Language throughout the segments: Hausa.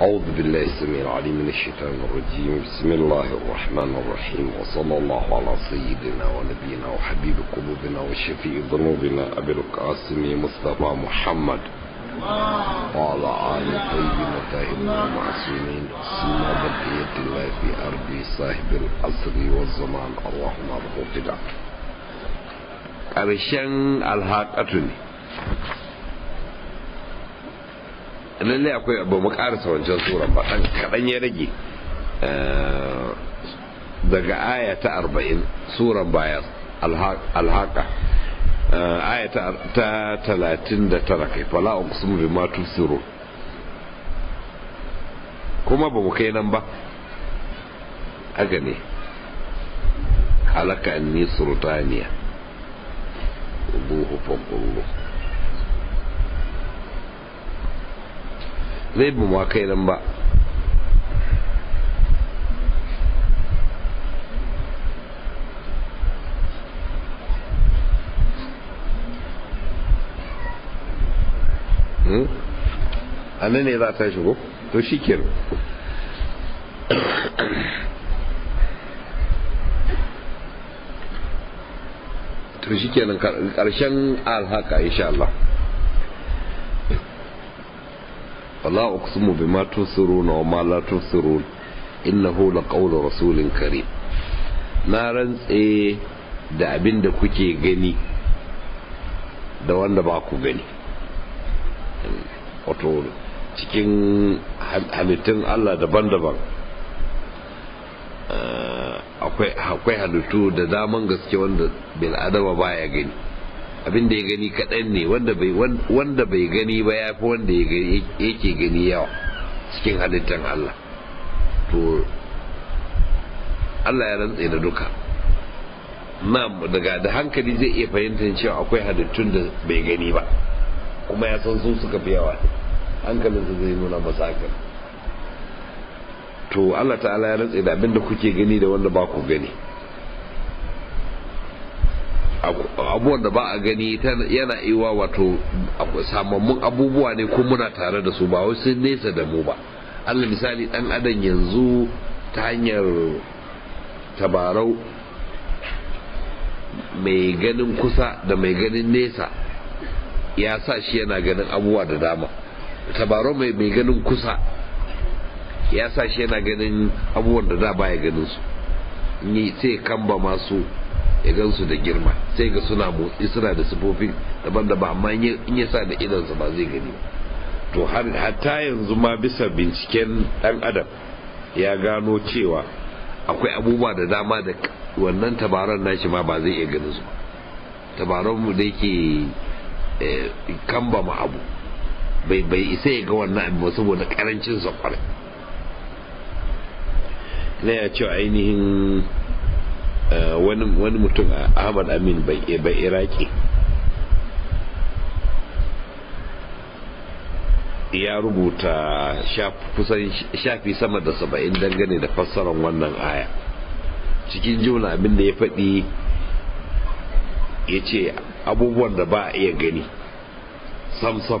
أعوذ بالله السميع العليم من الشيطان الرجيم بسم الله الرحمن الرحيم وصلى الله على سيدنا ونبينا وحبيب قلوبنا وشفيع ذنوبنا أبي القاسم مصطفى محمد وعلى آل طيبين الطاهرين المعصومين سنة بقية الله في أرض صاحب الأصل والزمان اللهم ارحم قدر. أبشر الهاك أتوني. lallai akwai abu mu karasa wancan suran ba dan kadan ya rage eh, daga aya ta arba'in suran baya alhaka eh, aya ta talatin da tara kai fala uqsimu bima tusiru kuma ba mu kai nan ba haka ne halaka anni sultaniya ubuhu fanqullu zai bu ma kai nan ba hmm? a nan ne za ta shigo to shi ke to shi ke nan karshen alhaka insha Allah fala uqsimu bima tusiruna wa ma la tusirun innahu laqawlu rasulin karim na rantse da abin da kuke gani da wanda ba ku gani wato cikin halittun Allah daban-daban eh, akwai halittu da daman gaske wanda bil'adama ya gani abin da ya gani kaɗan ne wanda bai gani ba ya fi wanda yake gani yawa cikin halittar Allah to Allah ya rantse da duka na daga da hankali zai iya fahimtar cewa akwai halittun da bai gani ba kuma ya san sun suka fi yawa su zai nuna masa hankali. to Allah ta'ala ya rantse da abin da kuke gani da wanda ba ku gani abubuwan da ba a gani yana iwa wato samammun abubuwa ne ko muna tare da su ba wasu nesa da mu ba allah misali dan adam yanzu ta hanyar tabarau mai ganin kusa da mai ganin nesa ya sa shi yana ganin abubuwa da dama tabarau mai ganin kusa ya sa shi yana ganin abubuwan da da baya ganin su ni sai kamba masu ya su da girma sai ga suna motsi suna da sifofi daban-daban amma in ya sa da idansa ba zai gani to har hatta yanzu ma bisa binciken dan adam ya gano cewa akwai abubuwa da dama da wannan tabaran nashi ma ba zai iya ganin su tabaran mu da yake eh, kamba ma abu bai bai isa ya ga wannan abu saboda karancin sa kwarai na ya ce ainihin Eh, wani mutum eh, ahmad amin bai eh, iraki ya rubuta kusan shafi sama da saba'in dangane da fassarar wannan aya cikin juna abin da ya faɗi ya ce abubuwan da ba a iya gani samsam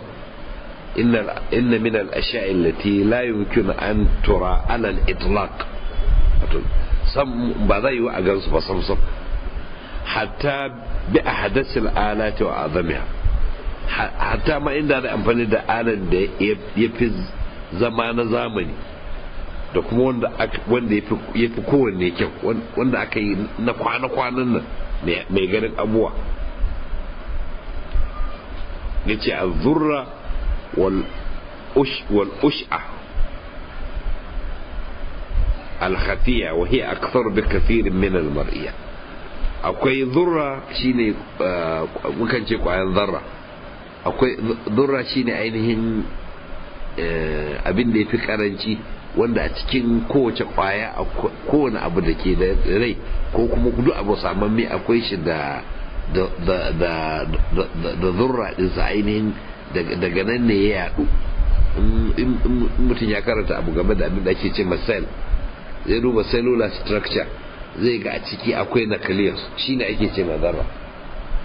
inna min al-ashya'i allati la yumkin an tura alal itlaq ba zai yi wa a gansu ba samsam hatta bi a ala alati wa azamiya hatta ma inda da amfani da alan da ya fi zama na zamani da kuma wanda ya fi kowanne kyau wanda aka yi na kwana-kwanan nan mai ganin abuwa ya ce a zurra wal ush'a alkhatiya wa hiya akthar bi kathir min almar'iya akwai dhurra shine mukan ce kwayan zarra akwai dhurra shine ainihin abin da yafi karanci wanda a cikin kowace kwaya kowane abu da ke da rai ko kuma duk abu akwai shi da da zurra ɗinsa ainihin nan ne ya yaɗu in mutum ya karanta abu game da abin da ake ce masel zai duba cellular structure zai ga a ciki akwai nucleus shine ake ce mazarra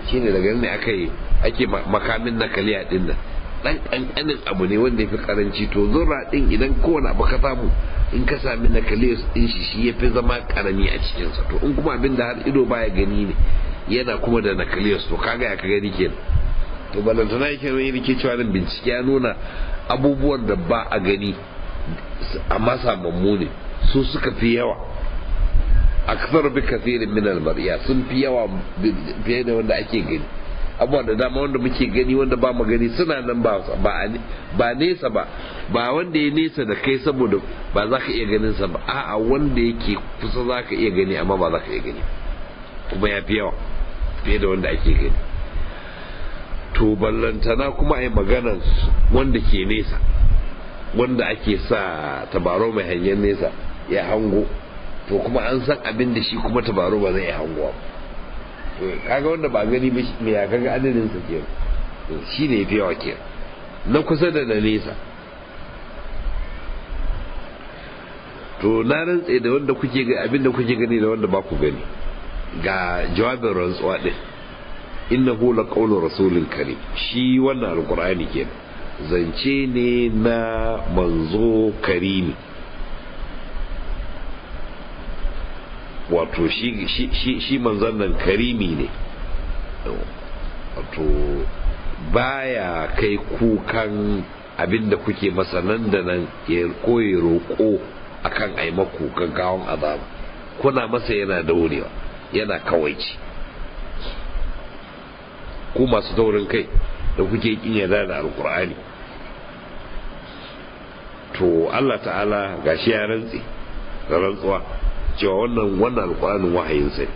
shine daga ne aka yi ake makamin nucleus din nan dan kankanin abu ne wanda yafi karanci to zurra din idan kowane abu ka samu in ka sami nucleus din shi shi yafi zama karami a cikinsa. sa to in kuma abin da har ido baya gani ne yana kuma da nucleus to kaga ya ka gani kenan to balantana yake nuna yake cewa nan bincike ya nuna abubuwan da ba a gani amma masa ne su suka fi yawa aksar bi kathirin min almar'iya sun fi yawa fiye da wanda ake gani abuwa da dama wanda muke gani wanda ba mu gani suna nan ba nesa ba ba wanda ya nesa da kai saboda ba za ka iya ganin sa ba a'a wanda yake kusa za ka iya gani amma ba za ka iya gani kuma ya fi yawa fiye da wanda ake gani to ballantana kuma ai maganar wanda ke nesa wanda ake sa tabarau mai hanyar nesa ya hango to kuma an san abin da shi kuma tabaro ba zai hango ba to kaga wanda ba gani ba me ya kaga adadin sa ke to shi ne yafi yawa ke na kusa da na nesa to na rantse da wanda kuke ga abin da kuke gani da wanda ba ku gani ga jawabin rantsuwa din innahu laqawlu rasulil karim shi wannan alqur'ani kenan zance ne na manzo karimi wato shi manzan nan karimi ne wato baya kai kukan abinda kuke masa nan da nan ya koyi roƙo akan ai maku gaggawan azaba kuna masa yana daurewa yana kawaici ku masu taurin kai da kuke kin yarda da alkur'ani to Allah ta'ala ga shi ya rantse da rantsuwa cewa wannan wannan alƙur'anin wahayinsa sai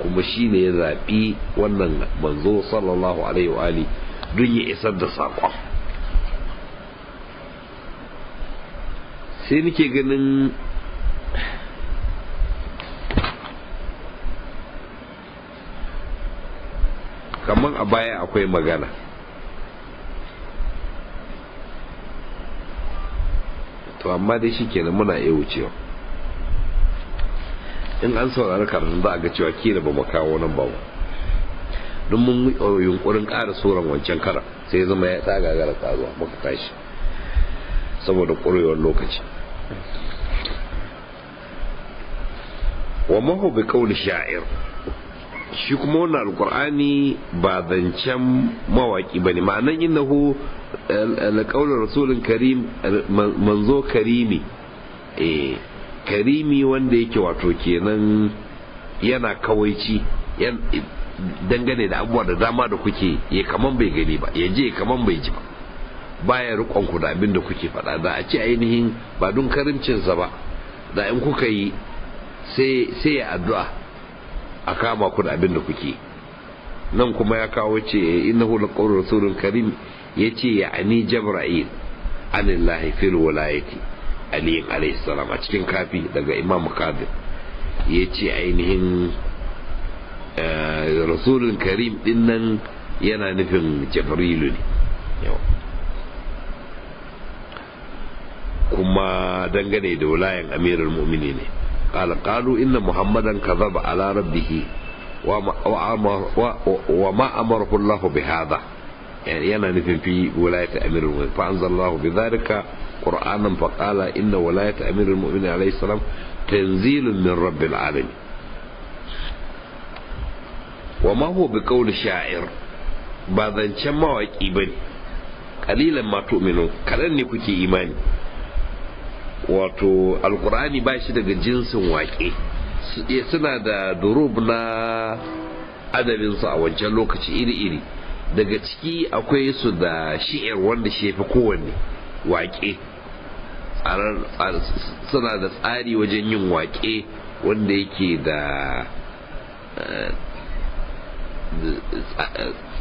kuma shi ne ya zaɓi wannan manzo sallallahu alaihi wa ali don ya isar da saƙon sai nake ganin kamar a baya akwai magana to amma dai shi kenan muna iya wucewa in an saurari karatun za a ga cewa kila ba mu kawo nan ba don mun oh, yunkurin ƙara tsoron wancan kara sai zama ya tsaga gara tsazuwa muka tashi saboda ƙwarewar lokaci wa maho bi kauli sha'ir shi kuma wannan alkur'ani ba zancen mawaki bane ma'anan innahu alƙaunar rasulun karim manzo karimi eh, karimi wanda yake wato kenan yana kawaici dangane da abubuwa da dama da kuke ya kaman bai gani ba ya je kaman bai ji ba baya rikon ku da abin da kuke faɗa da a ce ainihin ba don karimcinsa ba da in kuka yi sai ya addu'a a kama ku da abin da kuke nan kuma ya kawo ce innahu laqawlu rasulun karim yace ce ya ani jabra'il anillahi fil walayati ali alayhi salam a cikin kafi daga imam kabir yace ainihin eh, rasulun karim din yana nufin jabrilu ne kuma dangane da wulayen amirul mu'mini ne قال قالوا إن محمدا كذب على ربه وما أمره الله بهذا يعني Fa نفن في ولاية أمير المؤمنين فأنزل الله بذلك قرآنا فقال إن ولاية أمير المؤمنين عليه السلام تنزيل من رب العالمين وما هو بقول شاعر بعد أن شمع إبن قليلا ما تؤمنون ne kuke إيماني wato alkur'ani ba shi daga jinsin waƙe suna da durub na adabinsu a wancan lokaci iri-iri daga ciki akwai su da shi'ir wanda shi fi kowanne waƙe suna da tsari wajen yin waƙe wanda yake da eh,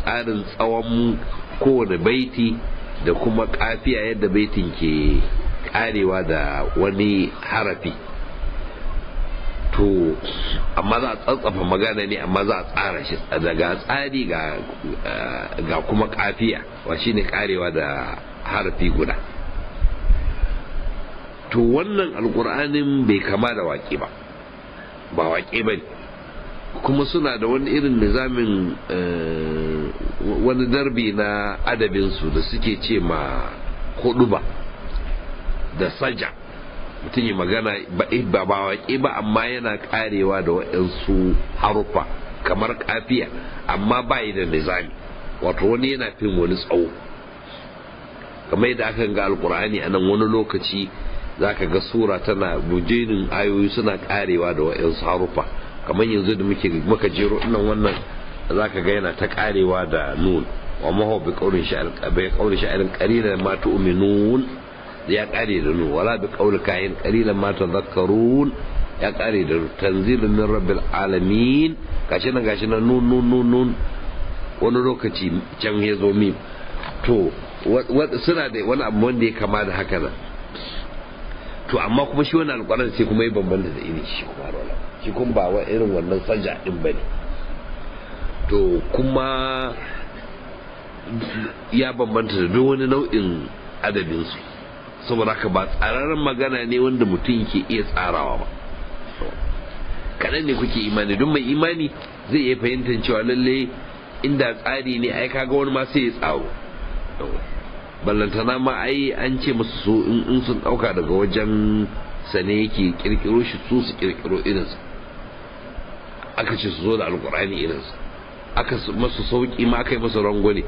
tsarin tsawon kowane baiti da kuma kafiya yadda baitin ke karewa da wani harafi to amma za a tsantsafa magana ne amma za a tsara shi daga tsari eh, ga kuma kafiya wa shine karewa da harafi guda to wannan alkur'anin bai kama da waƙe ba ba waƙe ba kuma suna da wani irin nizamin eh, wani darbi na adabinsu da suke ce ma hudu ba da saja mutum yi magana eh, ba waƙe ba amma yana karewa da waɗansu harufa kamar kafiya amma ba yi da nizami wato wani yana fin wani tsawo kamar yadda aka ga alkur'ani a nan wani lokaci za ka ga sura tana bujerin ayoyi suna karewa da waɗansu harufa kamar yanzu da muke muka jero nan wannan za ka ga yana ta karewa da nun wa maho bi kaurin sha'arin karina ma tu'minun ya kare da nun wala bi qawl kayin qalilan ma tadhakkarun ya kare da tanzilun min rabbil alamin gashi nan gashi nan nun nun nun nun wani lokaci can ya zo mim to suna da wani abu wanda ya kama da haka nan to amma kuma shi wani alƙwarar sai kuma ya bambanta da irin shi kuma rola shi kuma ba wa irin wannan saja din bane to kuma ya bambanta da duk wani nau'in adabinsu saboda haka ba tsararren magana ne wanda mutum ke iya tsarawa ba kaɗan ne kuke imani don mai imani zai iya fahimtar cewa lalle inda tsari ne ai kaga wani ma sai ya tsaro ballantana ma ai an ce musu su in sun ɗauka daga wajen sane yake kirkiro shi su su kirkiro irinsa aka ce su zo da alkur'ani irinsa aka masu sauƙi ma aka yi masa rangwane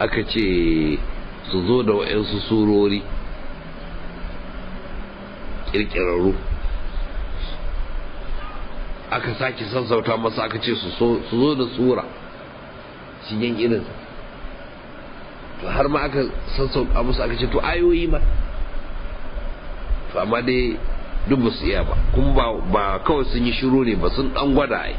aka ce su zo da wa'yansu surori kirkirarru aka sake sassauta masa aka ce su zo da tsura su yin irin to har ma aka sassauta musu aka ce to ayoyi ma to amma dai duk ba su iya ba kuma ba kawai sun yi shiru ne ba sun dan gwada ai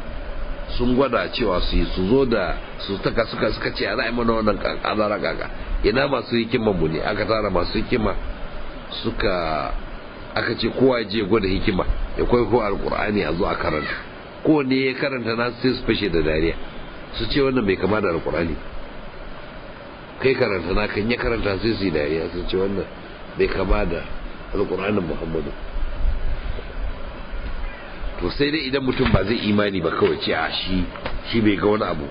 sun gwada cewa su su zo da su taka suka suka ce ana mana wannan kankana kaka ina masu hikima mu ne aka tara masu hikima suka aka ce kowa je gwada hikima ya ko alkur'ani a zo a karanta kowanne ya karanta na sai su fashe da dariya su ce wannan bai kama da alkur'ani kai karanta na kan ya karanta sai su yi dariya su ce wannan bai kama da alkur'anin muhammadu to sai dai idan mutum ba zai imani ba kawai ce a shi shi bai ga wani abu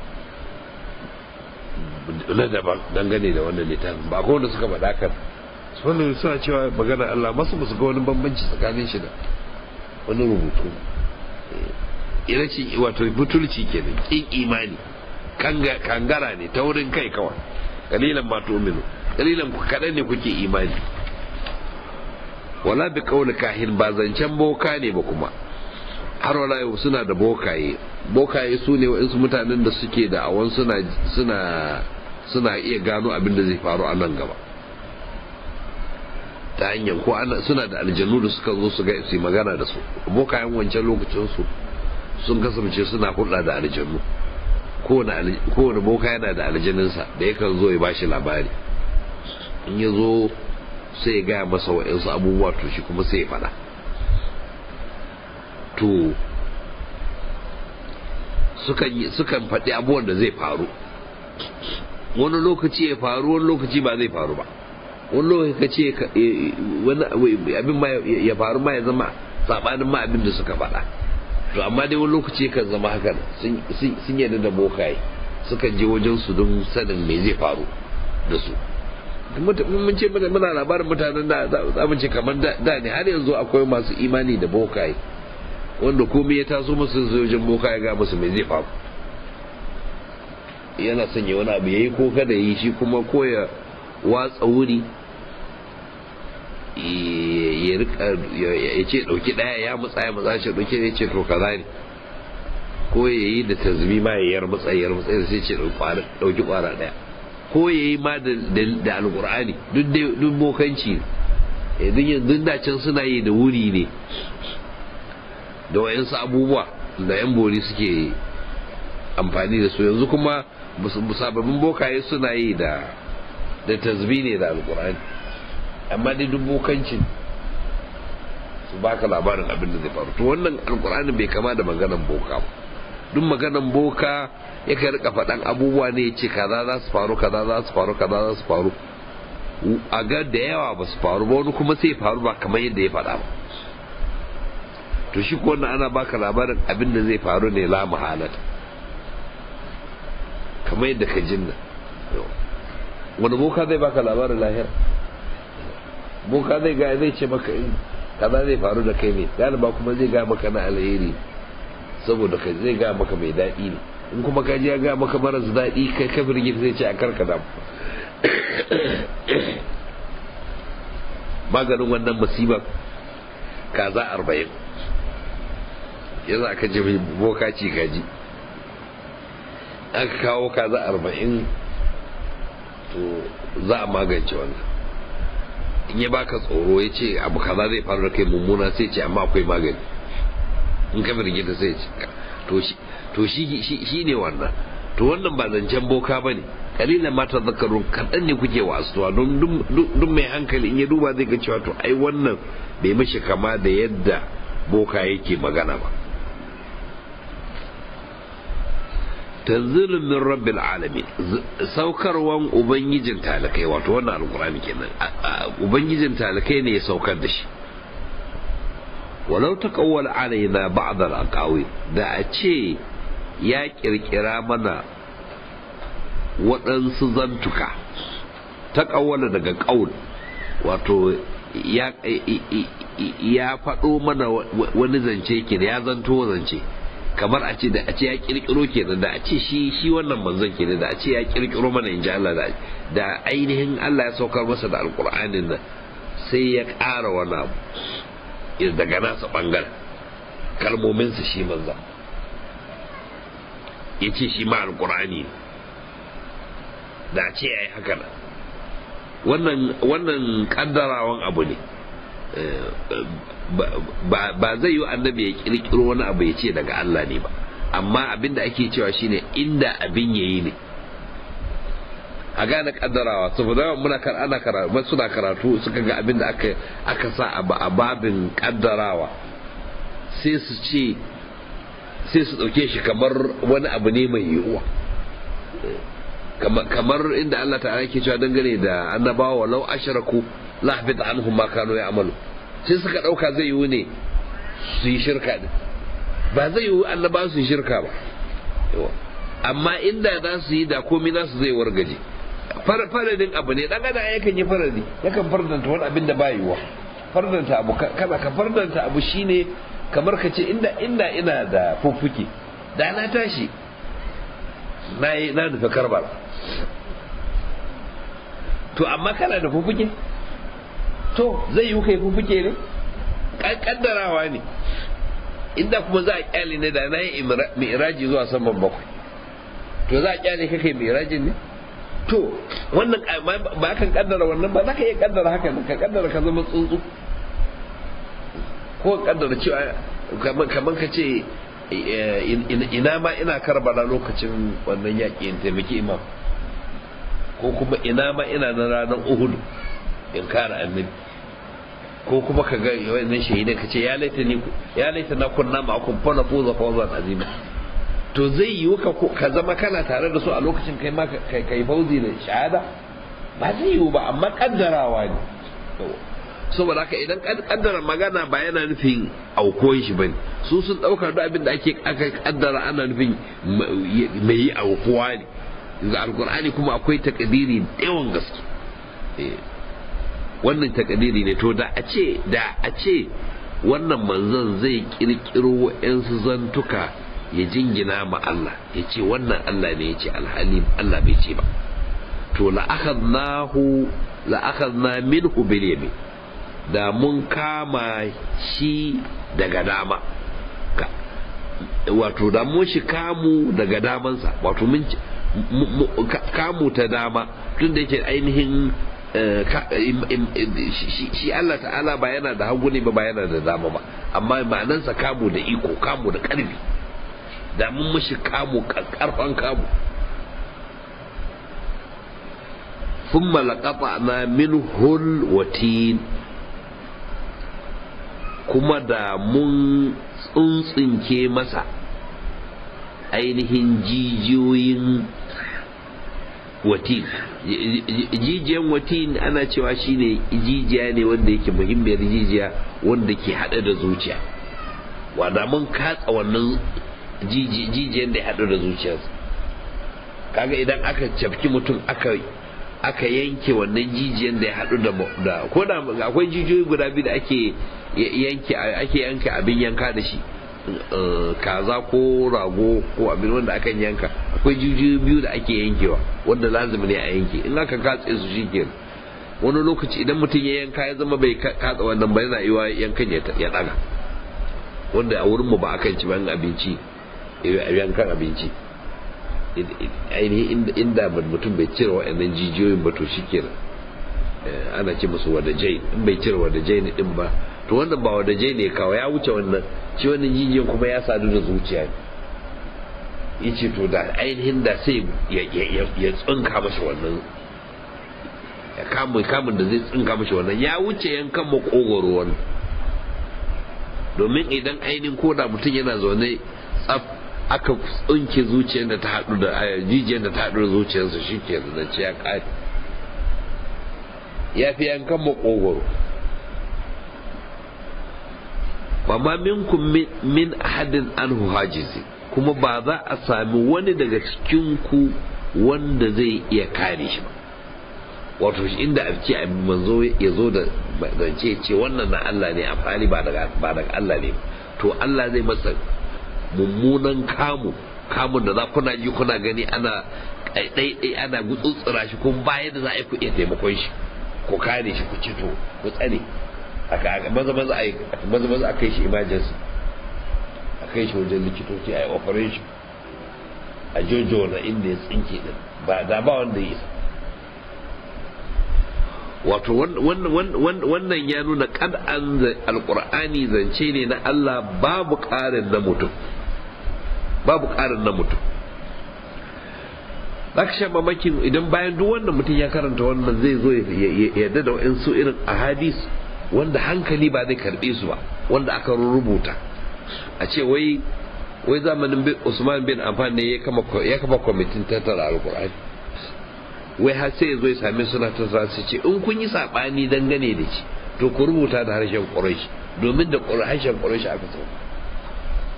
na daban dangane da wannan littafin ba ko wanda suka faɗa kan wannan suna cewa magana Allah masu musu ga wani bambanci tsakanin shi da wani rubutu eh, Ina ce wato butulci kenan kin imani kangara ne ta wurin kai kawai kalilan ma tu'minu kalilan ku kadan ne kuke imani wala bi kauli kahin ba zancen boka ne ba kuma har wala yau suna da bokaye bokaye su ne wa'insu mutanen da suke da awon suna suna suna iya gano abin da zai faru a nan gaba ta hanyar ko suna da aljannu da suka zo su ga su magana da su bokayen wancan lokacin sun kasance suna hulɗa da aljanu kowane boka yana da aljaninsa da yakan zo ya bashi labari in ya zo sai ya gaya masa wa'insu abubuwa to shi kuma sai ya faɗa to sukan faɗi abubuwan da zai faru wani lokaci ya faru wani lokaci ba zai faru ba wani lokaci ka ce eh, abin ma ya faru ma ya zama sabanin ma abin da suka faɗa to amma dai wani lokaci kan zama hakan sun yadda da bokaye sukan je wajen su don sanin me zai faru da su mun ce muna labarin mutanen da za mu ce kamar da ne har yanzu akwai masu imani da bokaye wanda komai ya taso masu zai wajen bokaye ga musu me zai faru yana sanya wani abu ya yi ko kada ya yi shi kuma koya watsa wuri ya ce ɗauki ɗaya ya mutsa ya mutsa shi dauki ya ce to kaza ne ko ya yi da tazmi ma ya yar mutsa yar mutsa sai ce ɗauki kwara ɗaya ko ya yi ma da alkur'ani duk bokanci eh, duk da can suna yi da wuri ne da wayansu abubuwa da yan bori suke amfani da su yanzu kuma musabbabin bokaye suna yi da da ne da alkur'ani amma dai dubukancin su baka labarin abin da zai faru to wannan alkur'ani bai kama da maganan boka ba duk maganan boka ya kai rika faɗan abubuwa ne ce kaza za su faru kaza za su faru kaza za su faru a ga da yawa ba su faru ba wani kuma sai faru ba kamar yadda ya faɗa ba to shi ko wannan ana baka labarin abin da zai faru ne la muhalata kamar yadda ka jinna wani boka zai baka labarin lahira boka zai ga zai ce maka in kaza zai faru da kai ne galiba kuma zai ga maka na alheri saboda kai zai ga maka mai daɗi ne in kuma ka ji ya ga maka maras daɗi kai ka firgita zai ce a karka damu maganin wannan musibar kaza arba'in yanzu aka ce boka ci gaji aka kawo kaza arba'in to za a magance wannan in ya baka tsoro ya ce abu kaza zai faru da kai mummuna sai ce amma akwai magani in ka ta sai ce to shi ne wannan to wannan ba zancen boka ba ne kalilan mata zakarun kaɗan ne kuke wasuwa don mai hankali in ya duba zai ga cewa to ai wannan bai mashi kama da yadda boka yake magana ba ta zulumin rabbil alamin saukarwan ubangijin talakai wato wannan alkurani kenan ubangijin talakai ne ya saukar da shi walau taqawwala alaina ba'd al-aqawi da a ce ya kirkira mana waɗansu zantuka taqawwala daga qaul wato ya faɗo mana wani zance ke ya zanto zance kamar a ce da a ce ya kirkiro kenan da a ce shi shi wannan manzon ke da a ce ya kirkiro mana in ji Allah da da ainihin Allah ya saukar masa da alkur'anin nan sai ya ƙara wani abu daga nasa ɓangaren kalmominsa shi manzon ya ce shi ma alkur'ani da a ce ya yi haka nan wannan wannan kaddarawan abu ne eh, eh, ba zai yi wa annabi ya kirkiro wani abu ya ce daga Allah ne ba amma abin da ake cewa shine inda abin yayi ne a gane kaddarawa saboda muna ana karatu suna karatu suka ga abin da aka sa a babin kaddarawa sai su ce sai su dauke shi kamar wani abu ne mai yiwuwa kamar inda Allah ta'ala ke cewa dangane da annabawa walau ashraku la habita anhum ma kanu ya'malu sai suka ɗauka zai yiwu ne su yi shirka ne ba zai yiwu annaba su yi shirka ba amma inda za su yi da komai su zai wargaje faradin abu ne dan ya yakan yi faradi yakan fardanta wani abin da ba yiwuwa fardanta abu kana ka fardanta abu shine kamar ka ce inda inda ina da fuffuke da na tashi na nufi karbar to amma kana da fuffuke to zai yi kai fufuke ne kaddarawa ne inda kuma za a kyale ne da na yi mi'raji zuwa saman bakwai to za a kyale kai mi'rajin ne to wannan ba kan kaddara wannan ba za ka iya kaddara haka ka kaddara ka zama tsuntsu ko kaddara cewa kamar ka ce e, ina ma ina karbala lokacin wannan yaƙi in taimaki imam ko kuma ina ma ina na ranar uhudu in kara annabi ko kuma ka ga wannan shahida ka ce ya laita ya laita na kunna ma kun fa fuza fawzan azima to zai yi ka ka zama kana tare da su a lokacin kai ma kai bauzi da shahada ba zai yiwu ba amma kaddarawa ne saboda haka idan kaddara magana ba yana nufin aukuwan shi bane su sun daukar duk abin da ake aka kaddara ana nufin mai yi aukuwa ne ga alkur'ani kuma akwai takdiri da yawan gaske eh. wannan takadiri ne to da a ce da a ce wannan manzon zai kirkiro wa'yansu zantuka ya jingina ma Allah ya ce wannan Allah ne ya ce alhali Allah bai ce ba to la'akhadnahu min minhu bil yamin da mun kama shi daga dama wato da mun shi kamu daga damansa wato mun kamu ta dama tun da yake ainihin Eh, shi Allah ta'ala ba yana da hagu ne ba ba yana da dama ba amma ma'anansa kamu da iko kamu da ƙarfi, da mun mushi kamo karfan kamo thumma laqata'na minhu watin kuma da mun tsuntsinke masa ainihin jijiyoyin watin jijiyan watin ana cewa shine jijiya ne wanda yake muhimmiyar jijiya wanda ke hada da zuciya wanda mun katsa wannan jijiyan da ya hada da zuciyarsa kaga idan aka cafki mutum aka aka yanke wannan jijiyan da ya hadu da ko da akwai jijiyoyi guda biyu da ake yanke ake yanke abin yanka da shi Eh, kaza ko rago ko abin wanda akan yanka akwai jijiyoyi biyu da ake yankewa wanda lazumi ne a yanke in aka katse su ke wani lokaci idan mutum ya yanka ya zama bai katsa wannan ba yana iya yankan ya daga wanda a wurin mu ba akan ci ban abinci eh, yankan abinci ainihin inda mutum bai cire wa'annan jijiyoyin ba to shikenan eh, ana ce musu jai in bai cire ne din ba to wannan ba wadaje ne kawai ya wuce wannan shi wannan jijiyan kuma ya sadu da zuciya ne yace to da ainihin da sai ya tsinka mashi wannan ya kamun kamun da zai tsinka mashi wannan ya wuce yankan makogoro wani domin idan ainihin da mutum yana zaune tsaf aka tsinke zuciyar da ta haɗu da jijiyar da ta haɗu da zuciyarsa shi ke da ya ƙare ya fi yankan makogoro ba ma minkum min ahadin anhu hajizi kuma ba za a sami wani daga cikin ku wanda zai iya kare shi ba wato inda a ce a manzo ya zo da zance ce wannan na Allah ne a fali ba daga Allah ne to Allah zai masa mummunan kamu kamun da za kuna ji kuna gani ana ɗaiɗai ana gutsutsura shi kuma bayan da za a yi ku iya taimakon shi ku kare shi ku to ku tsare maza maza a maza maza a kai shi emergency a kai shi wajen likitoci a yi operation a jojo na inda ya tsinke din ba da ba wanda ya isa wato wannan ya nuna kad an alkur'ani zance ne na Allah babu ƙarin na mutum babu ƙarin na mutum za ka mamakin idan bayan duk wannan mutum ya karanta wannan zai zo ya yadda da wa'insu irin ahadis wanda hankali ba zai karbe su ba wanda aka rubuta a ce wai wai zamanin Usman bin Amfan ne ya kama kwamitin tattara alkur'ani wai har sai ya zo ya suna tattara su ce in kun yi sabani dangane da ci to ku rubuta da harshen ƙorashi domin da harshen ƙorashi aka sauka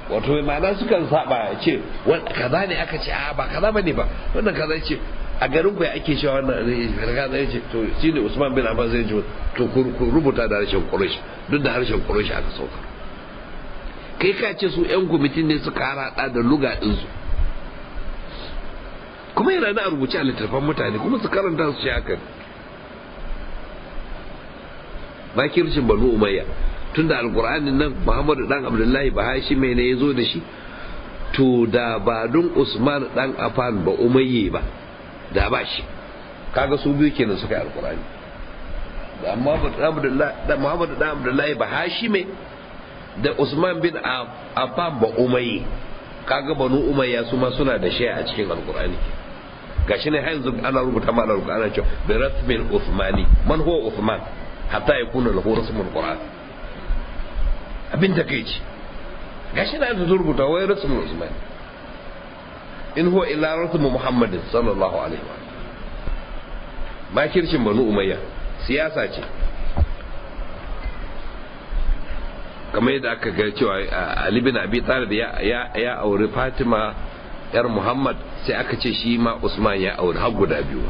wato mai ma'ana sukan saba ce kaza ne aka ce a ba kaza ne ba wannan kaza ce a garin ku ake cewa wannan riga da ce to shi ne usman bin affan zai ce to ku rubuta da harshen quraish duk da harshen quraish aka sauka kai ka ce su yan kwamitin ne suka harada da luga din su kuma yana na rubuce a littattafan mutane kuma su karanta su ce haka bakircin banu umayya tunda alqur'anin nan muhammadu dan abdullahi bahashi mai ne ya zo da shi to da ba usman dan afan ba umayye ba da ba shi kaga su biyu kenan suka yi alkurani da muhammadu da abdullahi ba hashime da usman bin affan ba umayi kaga banu umayya su ma suna da shaya a cikin alkurani gashi ne har yanzu ana rubuta ma alkurani ana cewa bi rasmin usmani man huwa usman hatta yakuna lahu rasmin qur'an abin takeici gashi na yanzu rubuta wai rasmin usmani in huwa illa rasul muhammadin sallallahu alaihi wa makircin banu umayya siyasa ce kamar yadda aka ga cewa Ali bin Abi Talib ya auri Fatima yar Muhammad sai aka ce shi ma Usman ya auri har guda biyu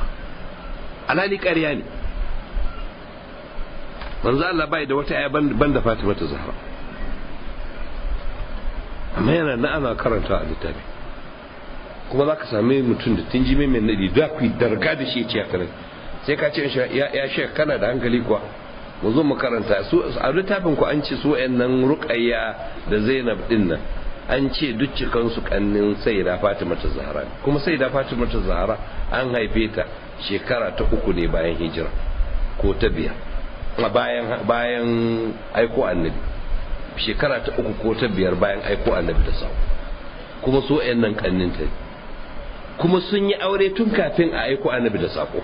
alali ƙarya ne manzo Allah bai da wata aya ban da Fatima ta Zahra amma yana na ana karanta a littafi kuma za ka sami mutum da tun jimi mai nadi za ku yi darga da shi ciyar tare sai ka ce ya shi kana da hankali kuwa mu zo makaranta su a littafin ku an ce su nan ruqayya da zainab din nan an ce duk cikansu su sai da fatima ta zahara kuma sai da fatima ta zahara an haife ta shekara ta uku ne bayan hijira ko ta biyar bayan bayan aiko annabi shekara ta uku ko ta biyar bayan aiko annabi da sau kuma su nan kannin ta ne kuma sun yi aure tun kafin a aiko annabi da sako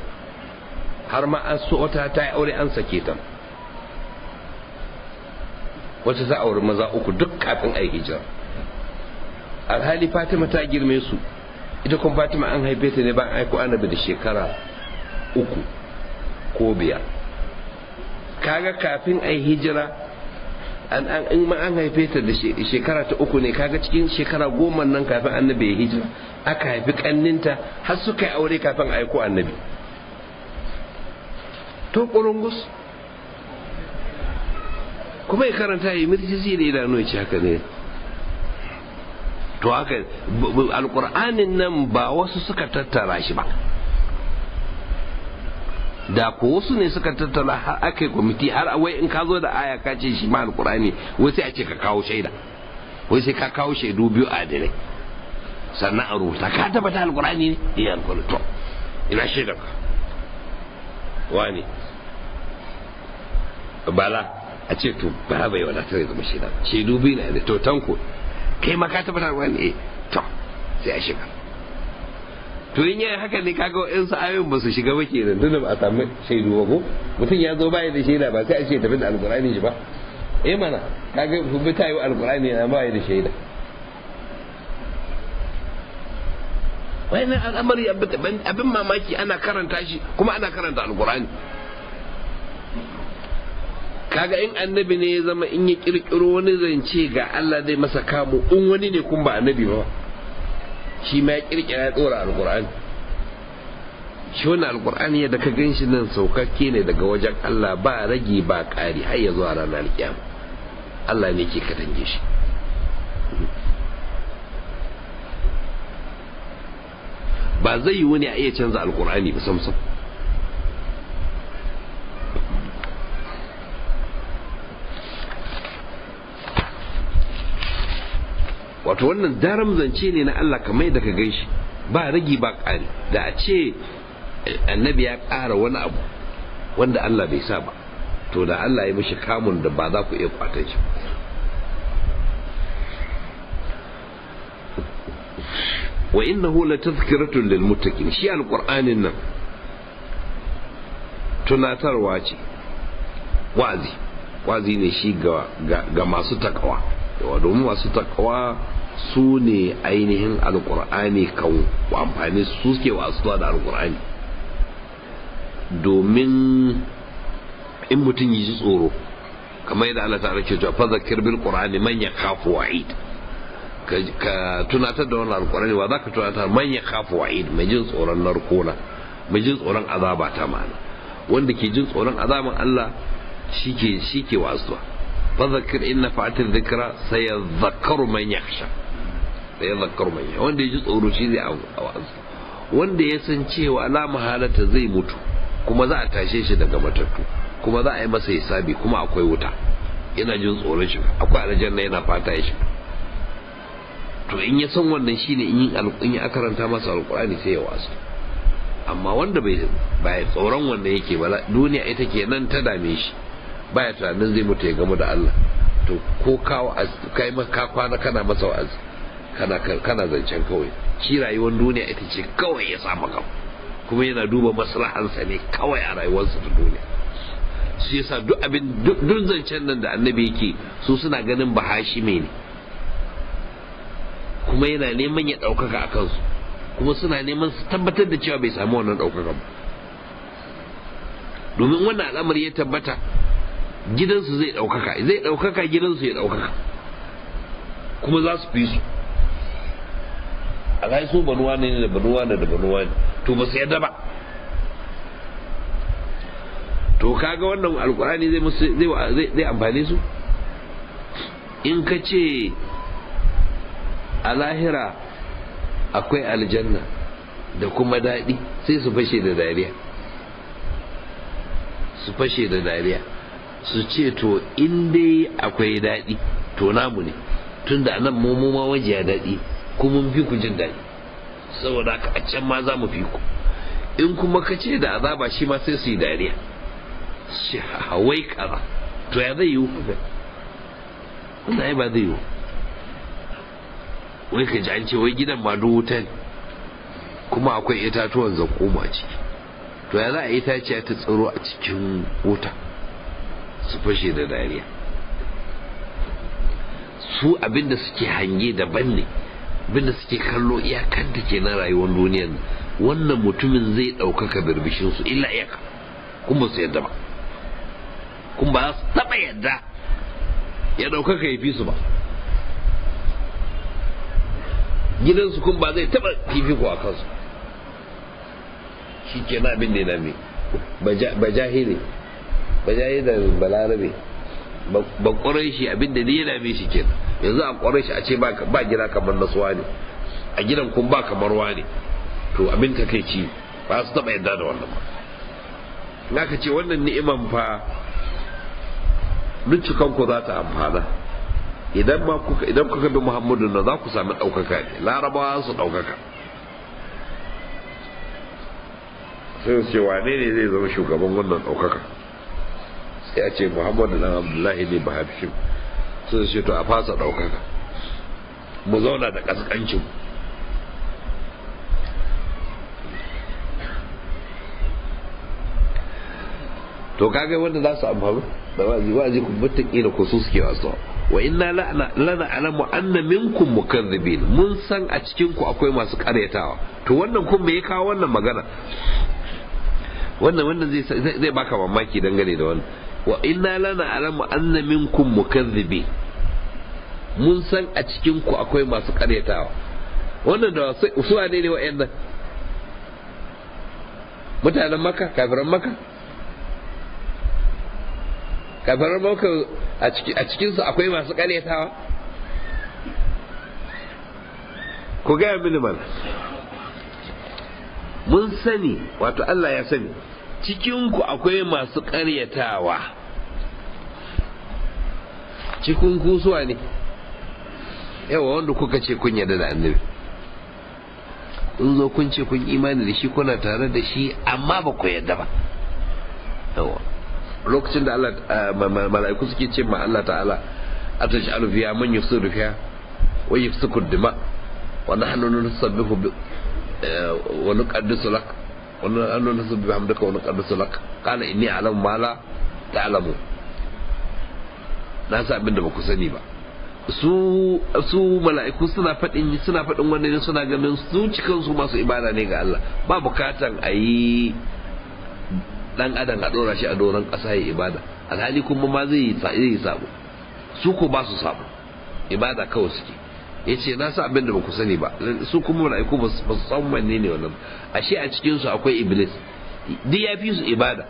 har ma an so wata ta yi aure an sake ta wata za aure maza uku duk kafin a yi hijira alhali fatima ta girme su ita kuma fatima an haife ta ne ba an aiko annabi da shekara uku ko biyar kaga kafin a yi hijira in ma an haife ta da shekara ta uku ne kaga cikin shekara goma nan kafin annabi ya hijira aka haifi kanninta har suka yi aure kafin aiko annabi to kurungus kuma ya karanta ya mirjizi da idanu ya ci haka ne to haka alkur'anin nan ba wasu suka tattara shi ba da ko wasu ne suka tattala har aka yi kwamiti har wai in ka zo da aya ka ce shi ma alkur'ani wai sai a ce ka kawo shaida wai sai ka kawo shaidu biyu a dare sannan a rubuta ka tabbata alkur'ani ne iya eh, alkur'ani to ina shaidan ka wani bala a ce to ba bai wadatar ya zama shaidan shaidu biyu na da to tanko kai ma ka tabbata alkur'ani eh to sai a shiga to in yayi haka ne kaga in su ayoyin ba su shiga ba kenan tunda ba a samu shaidu ba ko mutum ya zo baya da shaida ba sai a ce tafi da alqur'ani shi ba eh mana kaga kun bi yi alqur'ani na baya da shaida wani al'amari abin mamaki ana karanta shi kuma ana karanta alqur'ani kaga in annabi ne ya zama in ya kirkiro wani zance ga Allah zai masa kamo in wani ne kun ba annabi ba shi ma ya kirkira ya dora alkur'ani shi wannan alkur'ani yadda ka gan shi nan saukakke ne daga wajen Allah ba rage ba ƙari har ya zuwa ranar alkiyama Allah ne ke dange shi ba zai yi wani a iya canza alkur'ani ba samsam wato wannan daram zance ne na Allah kamar da ka gan shi ba ragi ba ƙari da a ce eh, annabi ya ƙara wani abu wanda Allah bai sa ba to da Allah ya mishi kamun da ba za ku iya kwatan shi wa innahu la tazkiratun lil muttaqin shi alqur'anin nan tunatarwa ce wazi wazi ne shi ga masu takawa yawa domin masu takawa su ne ainihin alkur'ani kan amfani su suke wasuwa da alkur'ani domin in mutum yi ji tsoro kamar yadda Allah ta'ala ke cewa fadhakir bil qur'ani man yakhafu wa'id ka tunatar da wannan alkur'ani wa zaka tunatar man yakhafu wa'id mai jin tsoron narkona mai jin tsoron azaba ta ma'ana wanda ke jin tsoron azaban Allah shike shike wasuwa fadhakir in nafa'atil dhikra sayadhakkaru man yakhsha sayadhakkaru man yakhsha wanda ya ji tsoro shi zai wa'azi wanda ya san cewa la mahalata zai mutu kuma za a tashe shi daga matattu kuma za yi masa hisabi kuma akwai wuta yana jin tsoron shi akwai aljanna yana fata ya shi to in ya san wannan shine in ya karanta masa alkurani sai ya wasu amma wanda bai tsoron wanda yake ba duniya ita ke nan ta dame shi baya tunanin zai mutu ya gamu da Allah to ko kawo kai ka kwana kana masa wa'azi kana kana zancen kawai shi rayuwar duniya ita ce kawai ya samu kawo kuma yana duba maslahansa ne kawai a rayuwarsa ta duniya shi yasa duk abin duk zancen nan da annabi yake su suna ganin bahashi mai ne kuma yana neman ya ɗaukaka a kansu kuma suna neman su tabbatar da cewa bai samu wannan ɗaukakan ba domin wannan al'amari ya tabbata gidansu zai ɗaukaka zai ɗaukaka gidansu ya ɗaukaka kuma za su fi su a zai banuwa ne da banuwa ne da banuwa ne to ba su yadda ba to kaga wannan alkurani zai amfani su in ka ce a lahira akwai aljanna da kuma daɗi sai su fashe da dariya su fashe da dariya su ce to in dai akwai daɗi to namu ne tunda nan mu mu ma ya daɗi ku mun fi ku jin daɗi saboda ka a can ma za mu fi ku in kuma ka ce da azaba shi ma sai su yi dariya shi hawai kaza to ya zai yiwu wanda ya ba zai yiwu wai ka ji an ce wai gidan ma wuta ne kuma akwai itatuwan zakuma ciki to ya za a itaciya ta tsiro a cikin wuta su fashe da dariya su abinda suke hange daban ne abinda suke kallo iyakanta ke na rayuwar duniyar wannan mutumin zai ɗaukaka birbishinsu illa iyaka kuma su yadda ba kuma ba su taɓa yadda ya ɗaukaka ya fi su ba gidansu kun ba zai taɓa fifiko a kansu shi ke na abin da ya dame ba jahiri. ba da balarabe ba kwarai shi abinda ne yana mai shi kenan yanzu a kwarai shi a ce ba gida kamar nasuwa ne a gidan kun ba kamar wani to abin ta kai ci ba su taba yadda da wannan ba na ka ce wannan ni'iman fa duk ku za ta amfana idan ma kuka idan kuka bi Muhammadu na za ku sami ɗaukaka ne larabawa su ɗaukaka sai su ce wane ne zai zama shugaban wannan ɗaukaka ya ce muhammadu dan abdullahi ne ba sun ce to a fasa ɗaukaka mu zauna da ƙasƙancin to kaga wanda za su amfani da wa'azi wazi ku mutum ila ko su suke wasu wa inna lana alamu anna minkum mukazzibin mun san a cikin ku akwai masu karyatawa to wannan kun me ya kawo wannan magana wannan wannan zai zai baka mamaki dangane da wannan wa inna lana alamu anna minkum mukazzibi mun san a cikin ku akwai masu karyatawa wannan da su ne ne wa'annan mutanen maka kafiran maka kafiran maka a cikinsu akwai masu karyatawa ku gaya mini mana mun sani wato Allah ya sani cikinku akwai masu ƙaryatawa cikin kusuwa ne yawa wanda kuka ce kun yarda da annabi kun zo kun ce kun imani da shi kuna tare da shi amma ba ku yarda ba yawa lokacin da Allah mala'iku suke ce ma Allah ta'ala ataj'alu fiha man yufsidu fiha wa su dima wa nahnu nusabbihu eh, wa nuqaddisu lak Wannan قلنا أنه wani بحمدك su laka Kana inni alamu mala ta alamu. na sa abin ba ku sani ba su mala'iku suna faɗin suna faɗin wannan ne suna ganin su cikansu masu ibada ne ga Allah ba bukatan a yi dan adam a ɗora shi a doron ƙasa ya ibada alhali kuma ma zai yi sabo su ko ba su sabo ibada kawai suke ya ce na sa abin da ba ku sani ba su kuma mala'iku ba su san manne ne wannan shi a cikinsu akwai iblis duk ya fi su ibada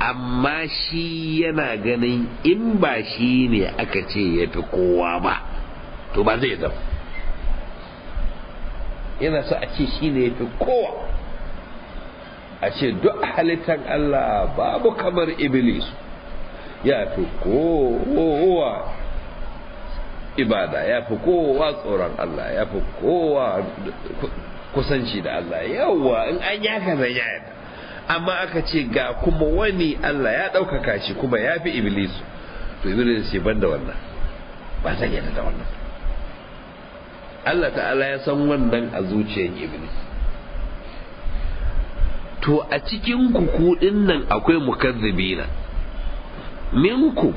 amma shi yana ganin in ba shi ne aka ce ya fi kowa ba to ba zai zama yana sa a ce shi ne ya fi kowa a ce duk halittar Allah babu kamar iblis ya fi kowa ibada ya fi kowa tsoron Allah ya fi kowa kusanci da Allah yawwa in an yaka zai ya yadda amma aka ce ga kuma wani Allah ya ɗaukaka shi kuma ya fi iblisu to iblis ce ban da wannan ba ta yadda da wannan Allah ta'ala ya san wannan a zuciyar iblis to a cikin kuku nan akwai mukazzibina minku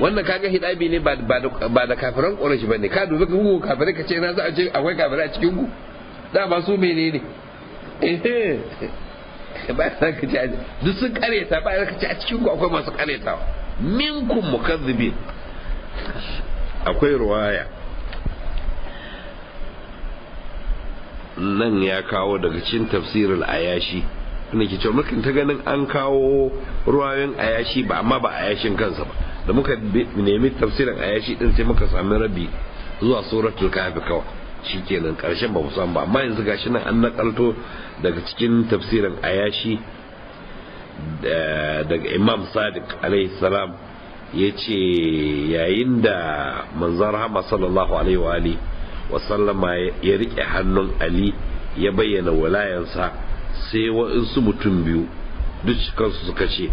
wannan kaga hidabi ne ba da kafiran ƙorashi ba ne ka dubi ka hugu kafirai ka ce na za a ce akwai kafirai a cikin ku da ba su mene ne eh. ba za ka ce duk sun kareta ba za ka ce a cikin ku akwai masu karetawa minkum mukazzibi akwai ruwaya nan ya kawo daga cin tafsirin ayashi nake cewa mukan ta ganin an kawo ruwayoyin ayashi ba amma ba ayashin kansa ba da muka nemi tafsirin ayashi din sai muka sami rabi zuwa suratul kafi shi kenan karshen ba mu san ba amma yanzu gashi nan an nakalto daga cikin tafsirin ayashi daga imam sadiq alaihi salam ya ce yayin da manzo rahama sallallahu alaihi wa ali wa sallama ya rike hannun ali ya bayyana walayansa sai wa'insu mutum biyu duk kansu suka ce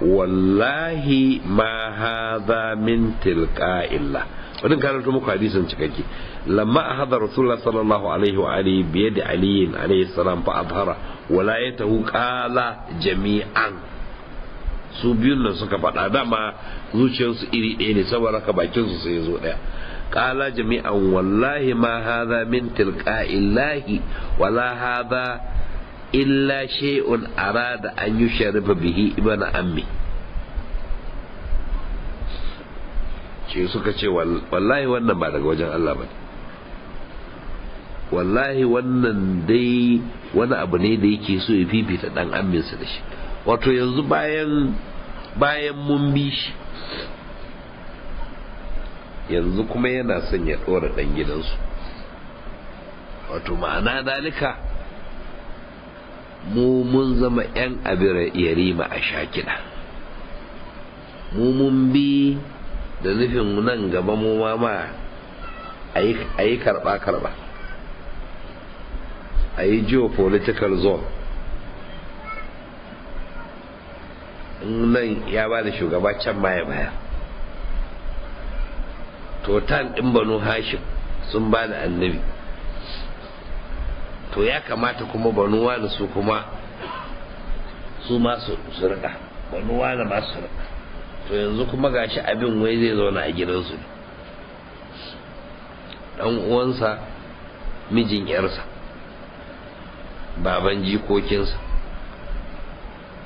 wallahi ma hadha min Wani wannan karanto muku hadisin cikakke lamma hada rasulullah sallallahu alaihi wa alihi bi yadi ali alaihi salam fa azhara walayatahu qala jami'an su biyun nan suka faɗa dama zuciyarsu iri ɗaya ne saboda haka bakin su sai zo ɗaya qala jami'an wallahi ma hadha min illahi wala hadha illa shay'un arada an yusharifa bihi ibn ammi ce suka ce wallahi wannan ba daga wajen Allah ba wallahi wannan dai wani abu ne da yake so ya fifita dan amminsa da shi wato yanzu bayan bayan mun bi shi yanzu kuma yana son ya ɗora ɗan gidansu wato ma'ana dalika mu mun zama 'yan abin yarima a shakina mu mun bi da nufin nan gaba mu ma ma a yi karba-karba a yi geopolitical zone nan ya ba da shugaba can baya baya total ɗin banu hashim sun ba da annabi to ya kamata kuma banuwa da su kuma su ma su rika banu wani ma su rika to yanzu kuma gashi abin wai zai zauna a gidansu dan uwansa mijin yarsa baban jikokinsa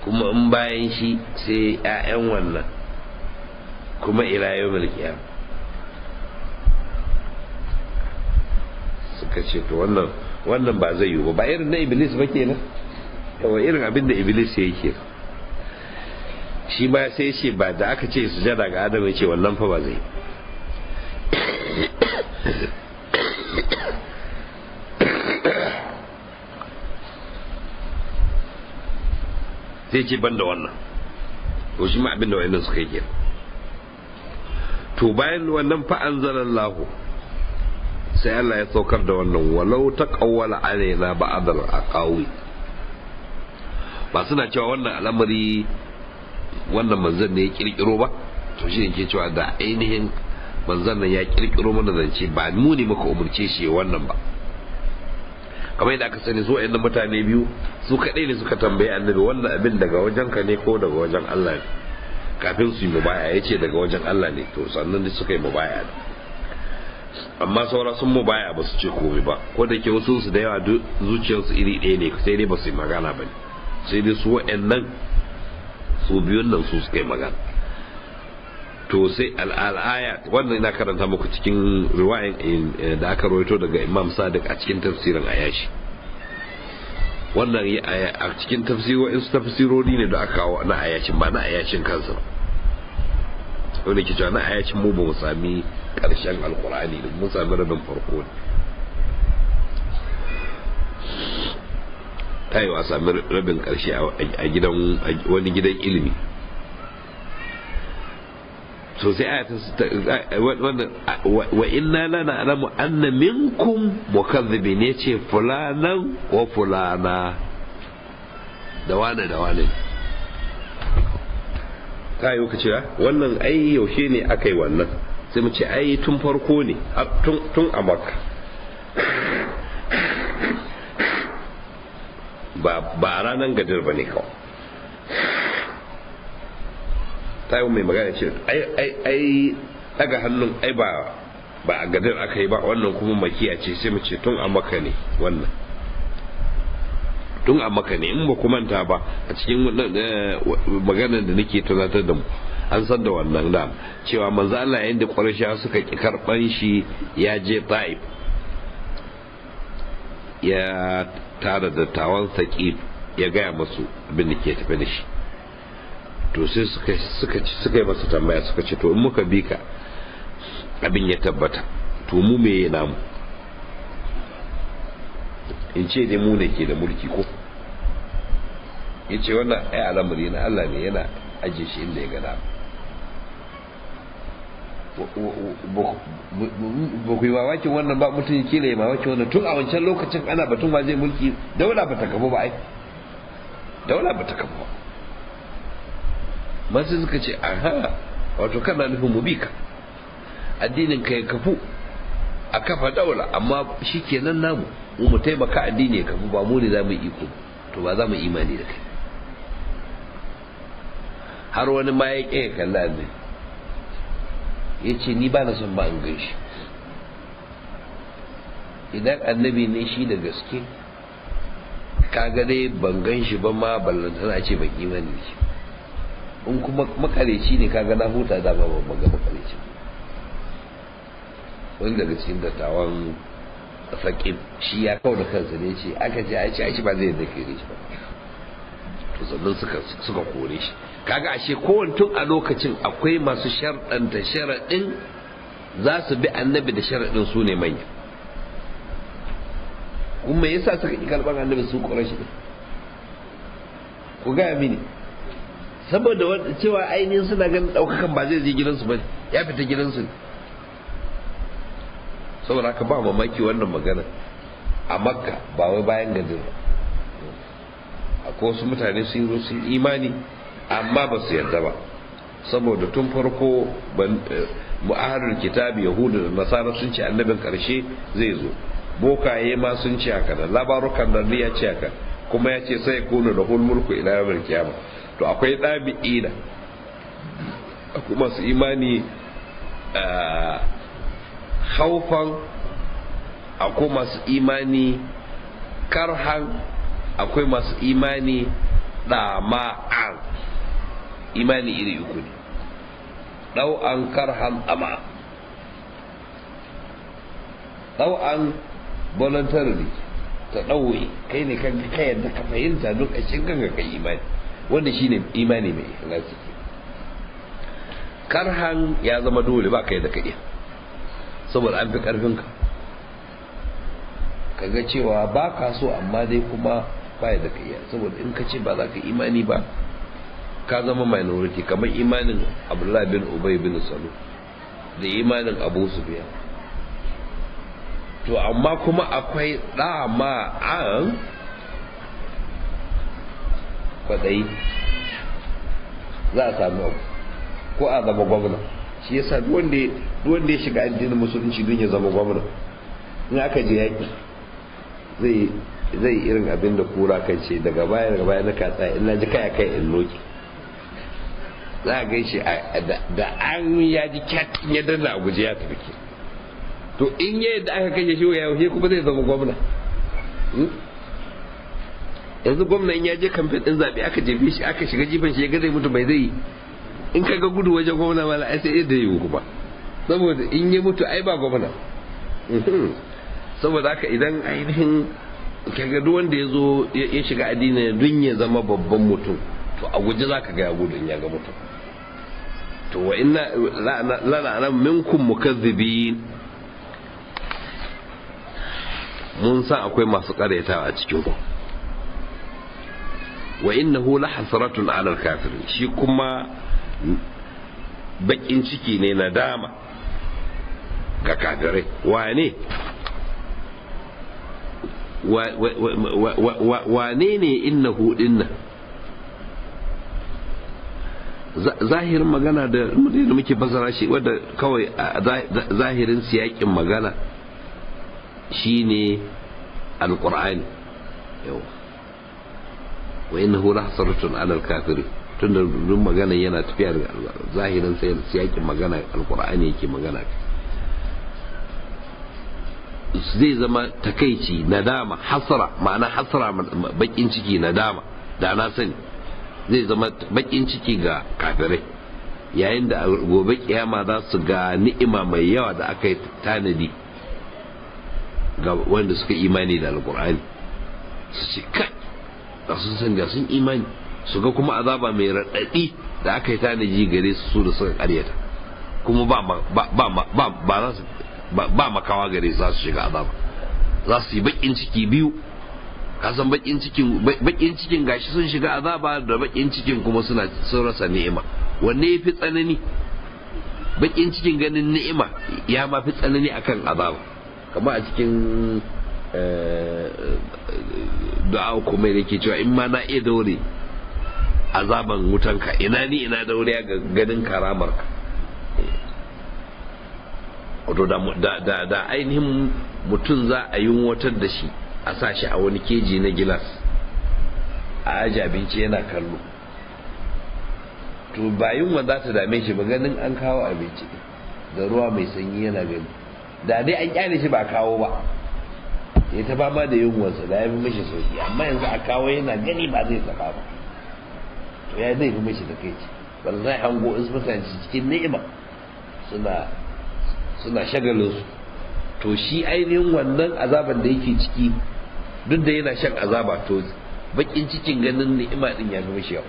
kuma in bayan shi sai 'ya'yan wannan kuma ilayen mulkiya suka ce to wannan wannan ba zai yiwu ba irin na iblis ba ke nan yawa irin abinda iblis ya yi ke shi ba sai ce ba da aka ce su jada ga adam ya ce wannan fa ba zai zai ce ban da wannan ko shi ma abinda da wa'annan suka yi to bayan wannan fa lahu sai Allah ya saukar da wannan walau ta taqawwala alaina ba'd a kawai ba suna cewa wannan al'amari wannan manzan ne ya kirkiro ba to shi ke cewa da ainihin manzan nan ya kirkiro mana zance ba mu ne muka umurce shi wannan ba kamar yadda aka sani su wa'annan mutane biyu su kaɗai ne suka tambayi annabi wannan abin daga wajen ka ne ko daga wajen Allah ne kafin su yi mubaya ya ce daga wajen Allah ne to sannan suka yi mubaya ne amma saura sun mu baya ba su ce komai ba ko da ke wasu su da yawa zuciyarsu iri ɗaya ne sai dai ba su yi magana ba sai dai su wa'annan su biyun nan su suka yi magana to sai al'aya wannan ina karanta muku cikin riwayan eh, da aka rawaito daga imam sadiq a cikin tafsirin ayashi wannan a cikin tafsiro in tafsiro ne da aka kawo na ayashin ba na ayashin kansa ba wanda ke cewa na ayacin mu ba mu sami ƙarshen alkur'ani da mun sami rabin farko ne ta yi wa sami rabin ƙarshe a gidan wani gidan ilimi so sai aya wa inna lana alamu anna minkum ne ce fulanan wa fulana da wane da wane ne ta yi ka cewa wannan ai yaushe ne aka yi wannan sai mu ce ai tun farko ne tun a maka ba a ranar gadir ba ne kawai ta yi mai magana ce ai daga hannun ai ba a gadir aka yi ba wannan kuma makiya ce sai mu ce tun a maka ne wannan tun a maka ne in ba ku manta ba a cikin eh, maganar da nake tunatar da mu an san da wannan da cewa manzo Allah yayin da Qurayshawa suka ki karban shi ya je Taif ya tara dattawan Saqif ya gaya masu abin da ke tafi da shi to sai suka suka suka yi masa tambaya suka ce to in muka bi ka abin ya tabbata to mu me namu in ce dai mu ne ke da mulki ko ya ce wannan ai al'amari na Allah ne yana ajiye shi inda ya gada ba ku yi mamakin wannan ba mutum ke da ya mamakin wannan tun a wancan lokacin ana batun ma zai mulki daula ba ta kafu ba ai daula ba ta kafu ba masu suka ce aha wato kana nufin mu bi ka addinin ka ya kafu a kafa daula amma shi kenan namu mu mu taimaka addini ka ba mu ne za mu iko to ba za mu imani da kai har wani ma ya kalla ne ya ce ni ba na son ba an gan idan annabi ne shi da gaske kaga dai ban gan shi ba ma ballantana ce ban imani da shi in kuma makareci ne kaga na huta ba ban ga makareci wani daga cikin dattawan faƙin shi ya kawo da kansa ne ce aka ce ai ai shi ba zai zikiri shi ba to sannan suka suka kore shi kaga ashe kowanne tun a lokacin akwai masu sharɗanta sharaɗin za su bi annabi da sharaɗin su ne manya kuma me yasa suka ƙi karɓar annabi su ƙorashi ne ku gaya mini saboda cewa ainihin suna ganin ɗaukakan ba zai je gidansu ba ya fita gidansu ne saboda haka ba mamaki wannan magana a makka ba wai bayan gajin ba akwai wasu mutane sun yi sun imani amma ba su yarda ba saboda tun farko eh, mu'aharar kitabi yahudu da nasara sun ce annabin karshe zai zo bokaye ma sun ce haka da labarukan da ya ce haka kuma ya ce sai kuna da hul mulku ila kiyama to akwai da kuma su imani eh, haufan akwai masu imani karhan akwai masu imani dama'an imani iri uku ne ɗau'an karhan dama ɗau'an voluntarily ta ɗauwe kai ne kan ka yadda ka fahimta duk a cikin kanka kai imani wanda shine imani mai ikhlasi karhan ya zama dole ba kai da ka iya saboda an fi ka kaga cewa ba ka so amma dai kuma ya da iya saboda in ka ce ba za ka imani ba ka zama minority kamar imanin abdullah bin ubay bin salu da imanin abu su biya to amma kuma akwai dama an kwadai za a sami abu ko a zama gwamnati shi yasa duk wanda ya shiga addinin musulunci don ya zama gwamna in aka je yaki zai irin abin da kura kan ce daga baya daga baya na tsaye ina na ji kaya kai in loki za a gai shi da an ya ji kyatin ya danna a guji ya tafi ke to in ya yadda aka kashe shi ya yaushe kuma zai zama gwamna hmm? yanzu gwamna in ya je kamfen din zaɓe aka jefe shi aka shiga jifan shi ya ga zai mutu bai zai yi in ka ga gudu wajen gwamna mala ai sai yadda yi kuma saboda in yi mutu ai ba gwamna mhm. saboda haka idan ainihin kaga duk wanda ya zo ya shiga addini dun ya zama babban mutum to a guji zaka ga ya gudun ya ga mutum to wa inna lana minkum mukazzibin mun san akwai masu karyatawa a cikin ku wa innahu la hasratun ala al-kafirin shi kuma bakin ciki ne na ga kafirai wane wane ne inna hudin nan zahirin magana da da muke bazara shi wadda kawai zahirin siyakin magana shine alkur'ani yau wa innahu lahsaratun alal kafirin tun da magana yana tafiya da zahirin sai siyakin magana alkur'ani yake magana zai zama takaici nadama hasara ma'ana hasara bakin ciki nadama da na sani zai zama bakin ciki ga kafirai yayin da gobe kiyama za su ga ni'ima mai yawa da aka yi tanadi ga wanda suka imani da alkur'ani su ce kai da sun san ga sun imani su ga kuma azaba mai raɗaɗi da aka yi tanaji gare su su da suka karyata kuma ba makawa gare su za su shiga azaba za su yi baƙin ciki biyu kasan baƙin cikin cikin gashi sun shiga azaba da baƙin cikin kuma suna sun rasa ni'ima wanne fi tsanani Baƙin cikin ganin ni'ima ya ma fi tsanani akan azaba kamar a cikin eh, du'a kuma yake cewa in ma na iya daure azaban wutanka ina ni ina wuri ga ganin karamarka wato da ainihin mutum za a yi watar da shi a sa shi a wani keji na gilas a aji abinci yana kallo to ba wanda za ta dame shi ba ganin an kawo abinci da ruwa mai sanyi yana gani da dai an kyale shi ba kawo ba ya ta fama da yunwarsa da ya fi mashi sauki amma yanzu a kawo yana gani ba zai saka ba ya zai fi mashi da kai ce ba za hango in mutane cikin ni'ima suna suna shagalinsu to shi ainihin wannan azaban da yake ciki duk da yana shan azaba to bakin cikin ganin ni'ima din ya gama shi yau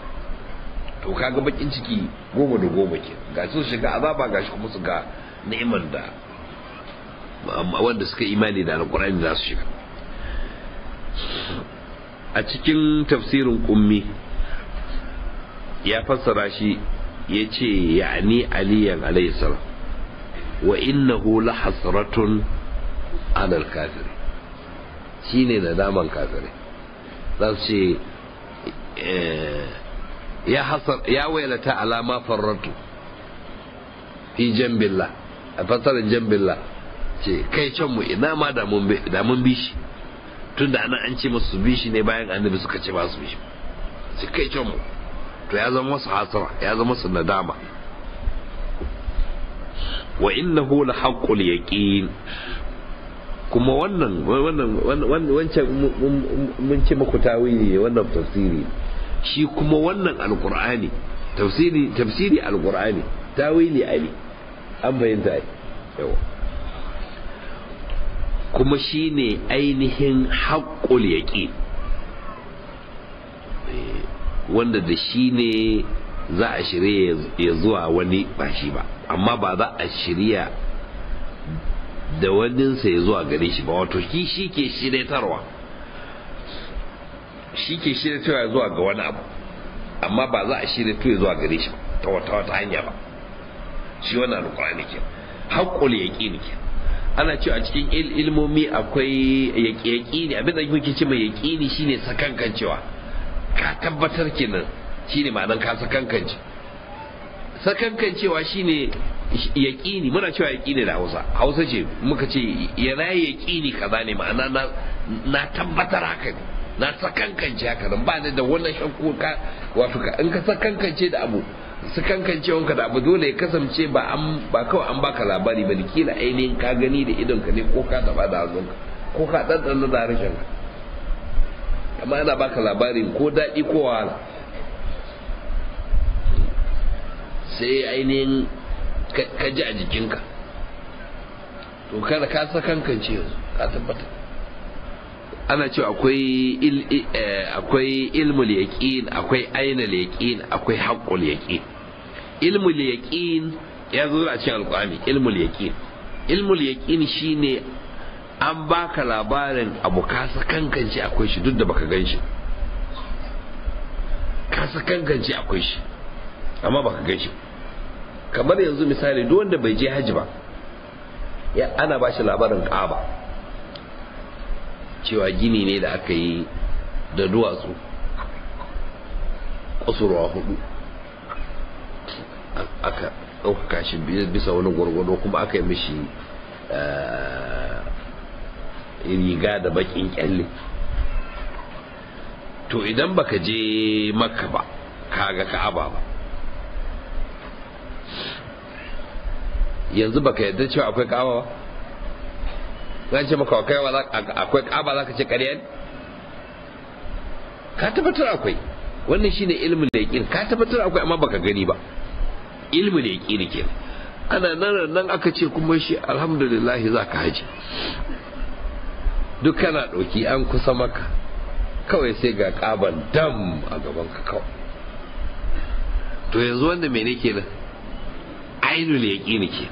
to kaga bakin ciki goma da goma ke ga su shiga azaba ga shi kuma su ga ni'iman da wanda suka imani da alkur'ani za su shiga a cikin tafsirin ummi ya fassara shi ya ce ya'ani aliyan alayhi salam wa innahu la hasratun alal kafiri shine nadaman kafiri za su ce eh, ya hasar ya wailata alama farratu fi jambilla a fasarar jambilla ce kai can mu ina ma da mun bi shi tun da an ce masu bi shi ne bayan annabi suka ce ba su bi shi su kai can mu to ya zama masa hasara ya zama masa nadama wa innahu la haqqul yaqin kuma wannan wannan wancan mun ce muku tawili wannan tafsiri shi kuma wannan alqur'ani tafsiri tafsiri alqur'ani tawili ali an bayyanta ai yawa kuma shine ainihin haqqul yaqin eh. wanda da shi ne za a shirya ya zuwa wani ba shi ba amma ba za a shirya da waninsa ya zuwa gare shi ba wato shi ke tarwa shi ke shiryatarwa ya zuwa ga wani abu amma ba za a shiryato ya zuwa gare shi ta wata wata hanya ba shi wannan ne ke haƙƙul ne ke ana cewa a cikin ilmomi akwai ne abin da muke ce mai ne shine sakankan cewa ka tabbatar kenan shine ma'anar ka sakankance sakankancewa shine yaƙini muna cewa yaƙini da hausa hausa ce muka ce ya raye yaƙini kaza ne ma'ana na tabbatar haka ne na sakankance haka nan ba ni da wannan shakku ka wato ka in ka sakankance da abu sakankance wanka da abu dole ya kasance ba an ba kawai an baka labari ba kila ainihin ka gani da idonka ne ko ka taba da hannunka ko ka ɗanɗana da harshenka amma yana baka labarin ko daɗi ko wahala sai ainihin ka ji a jikinka to kada ka sa kanka ce yanzu ka tabbata ana cewa akwai e, akwai ilmul yaqin akwai ainul yaqin akwai haqqul yaqin ilmul yaqin ya zo a cikin alqur'ani ilmul yaqin ilmul yaqin shine an baka labarin abu kasa kankanci akwai shi duk da baka gan shi kasa kankanci akwai shi amma baka gan shi kamar yanzu misali duk wanda bai je haji ba ya ana ba shi labarin kaba cewa gini ne da aka yi da duwatsu kusurwa hudu aka ɗaukaka shi bisa wani gwargwado kuma aka yi mishi eh, riga da bakin kyalle to idan baka je makka ba kaga ka'aba ba yanzu baka yarda cewa akwai ka'aba ba zan ce maka kai akwai ka'aba zaka ce kariya ne ka tabbatar akwai wannan shine ilmin da yake ka tabbatar akwai amma baka gani ba ilmin da yake ne ana nan nan aka ce kuma shi alhamdulillah zaka haji duk kana ɗauki an kusa maka kawai sai ga ƙaban dam a ka kawai to yanzu wanda mene kenan ainul yaqini ke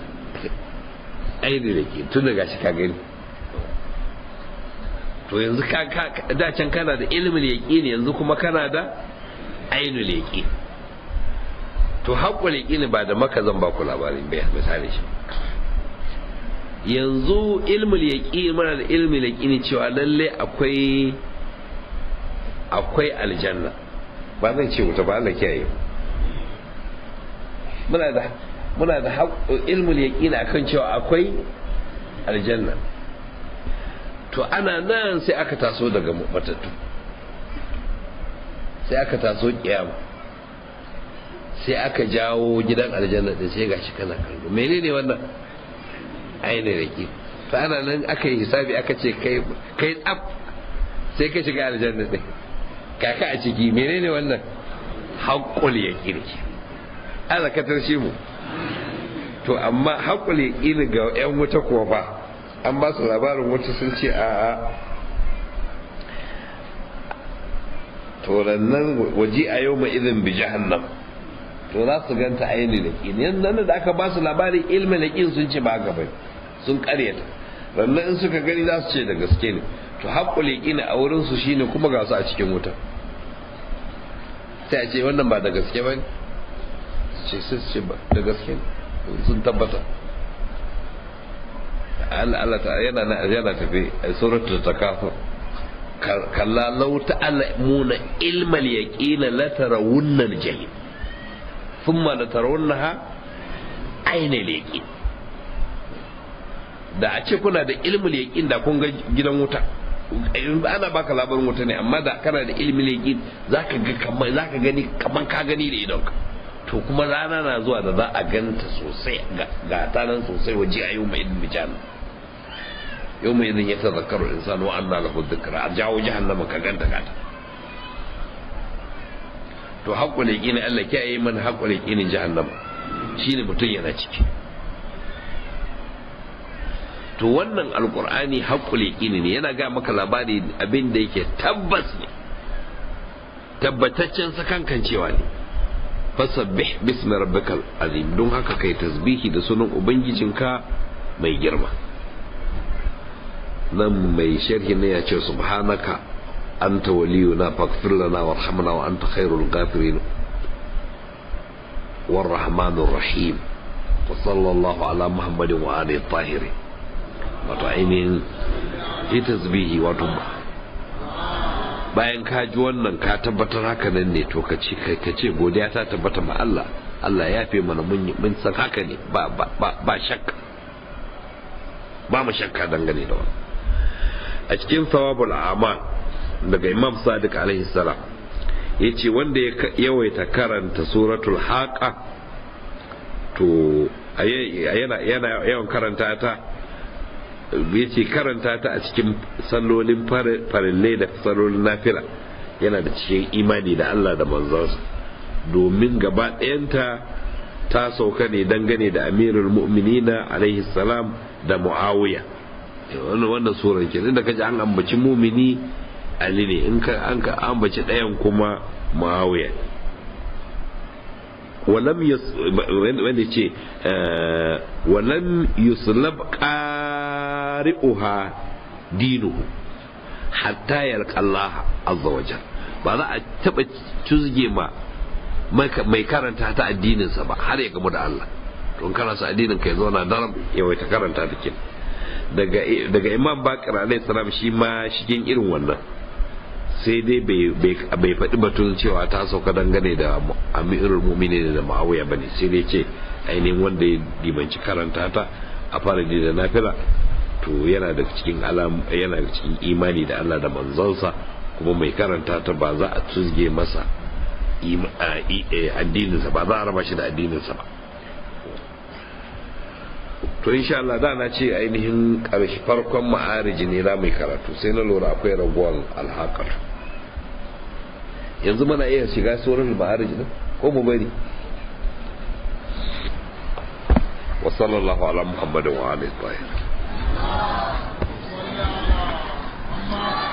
ainul yaqini tun daga shi ka gani to yanzu ka da kana da ilmin ne yanzu kuma kana da ainul yaqini to haƙƙul ne ba da maka zan ba ku labarin bai misali shi yanzu ilmul yaqini mana da ilmul yaqini cewa lalle akwai akwai aljanna ba zan ce wuta ba Allah kiyaye muna da muna da ilmul yaqini akan cewa akwai aljanna to ana nan sai aka taso daga matattu sai aka taso kiyama sai aka jawo gidan aljanna din sai gashi kana kallo menene wannan aina raki to ana nan aka yi hisabi aka ce kai kai tsaf sai ka shiga aljanna din kaka a ciki menene wannan haqqul yaqin Allah ka tarshe mu to amma haqqul yaqin ga yan wuta ko ba an ba su labarin wuta sun ce a a to nan waji a yau ma idin bi jahannam to za su ganta aini da ƙin yanzu da aka ba su labarin ilmi da ƙin sun ce ba gaba sun karyata rannan in suka gani za su ce da gaske ne to haƙuli yaqini a wurin su shine kuma ga su a cikin wuta sai a ce wannan ba da gaske ba ce sai ce da gaske sun tabbata Allah ta yana yana tafi suratul takafur kalla law muna ilmal yaqin la tarawunna al-jahim thumma la tarawunnaha ayna al-yaqin da a ce kuna da ilmul yakin da kun ga gidan wuta ana baka labarin wuta ne amma da kana da ilmul yakin zaka ga kamar zaka gani kaman ka gani da idonka to kuma rana na zuwa da za a ganta sosai ga ta nan sosai waje a yau mai idin bijana yau mai idin ya tazakkaru insanu an na lahu dhikra a jawo jahannama ka ganta gata to haƙƙul ne Allah kiyaye mana haƙƙul ne jahannama shine mutum yana ciki to wannan alkur'ani haƙƙul yaƙini ne yana ga maka labari abin da yake tabbas ne tabbataccen sakankancewa ne fasabbih bismi rabbikal azim don haka kai tasbihi da sunan ubangijinka mai girma nan mai sharhi ne ya ce subhanaka anta waliyuna faghfir lana warhamna wa anta khairul ghafirin والرحمن الرحيم وصلى الله على محمد وآله الطاهرين wato ainihin ita zubihi wato bayan ka ji wannan ka tabbatar haka nan ne to ka ce ka ce godiya ta tabbata ma Allah Allah ya fi mana mun san haka ne ba ba ba shakka ba mu shakka dangane da wannan a cikin sawabul amal daga Imam Sadiq alaihi salam yace wanda ya yawaita karanta suratul haqa to yana yawan karanta ta yace karanta ta a cikin sallolin farille da sallolin nafila yana da cikin imani da Allah da manzansa domin gaba ɗayanta ta sauka ne dangane da amirul mu'minina alaihi salam da muawiya eh, wannan wannan suran kenan da kaji an ambaci mumini ali ne in ka an ka ambaci ɗayan kuma muawiya walam yus wanda ce eh, walam yuslab qari'uha dinuhu hatta yalqa Allah azza wajal ba za a taba cuzge ma mai karanta ta addininsa ba har ya gamu da Allah don karasa addinin ka ya zauna daram yawaita karanta da kin daga daga imam bakir alayhi salam shi ma shigin irin wannan sai dai bai faɗi batun cewa ta sauka dangane da amirul mu'minin da ba ne sai dai ce ainihin wanda ya dimanci karanta ta a fara da nafila to yana daga cikin yana daga cikin imani da Allah da manzansa kuma mai karanta ta ba za a tuzge masa e, addininsa ba za a raba shi da addininsa ba to insha Allah da na ce ainihin karshe farkon ma'ariji ne na mai karatu sai na lura akwai raguwar alhakar yanzu mana iya shiga sauran ma'ariji din ko mu bari wa sallallahu ala muhammadin wa alihi அம்மா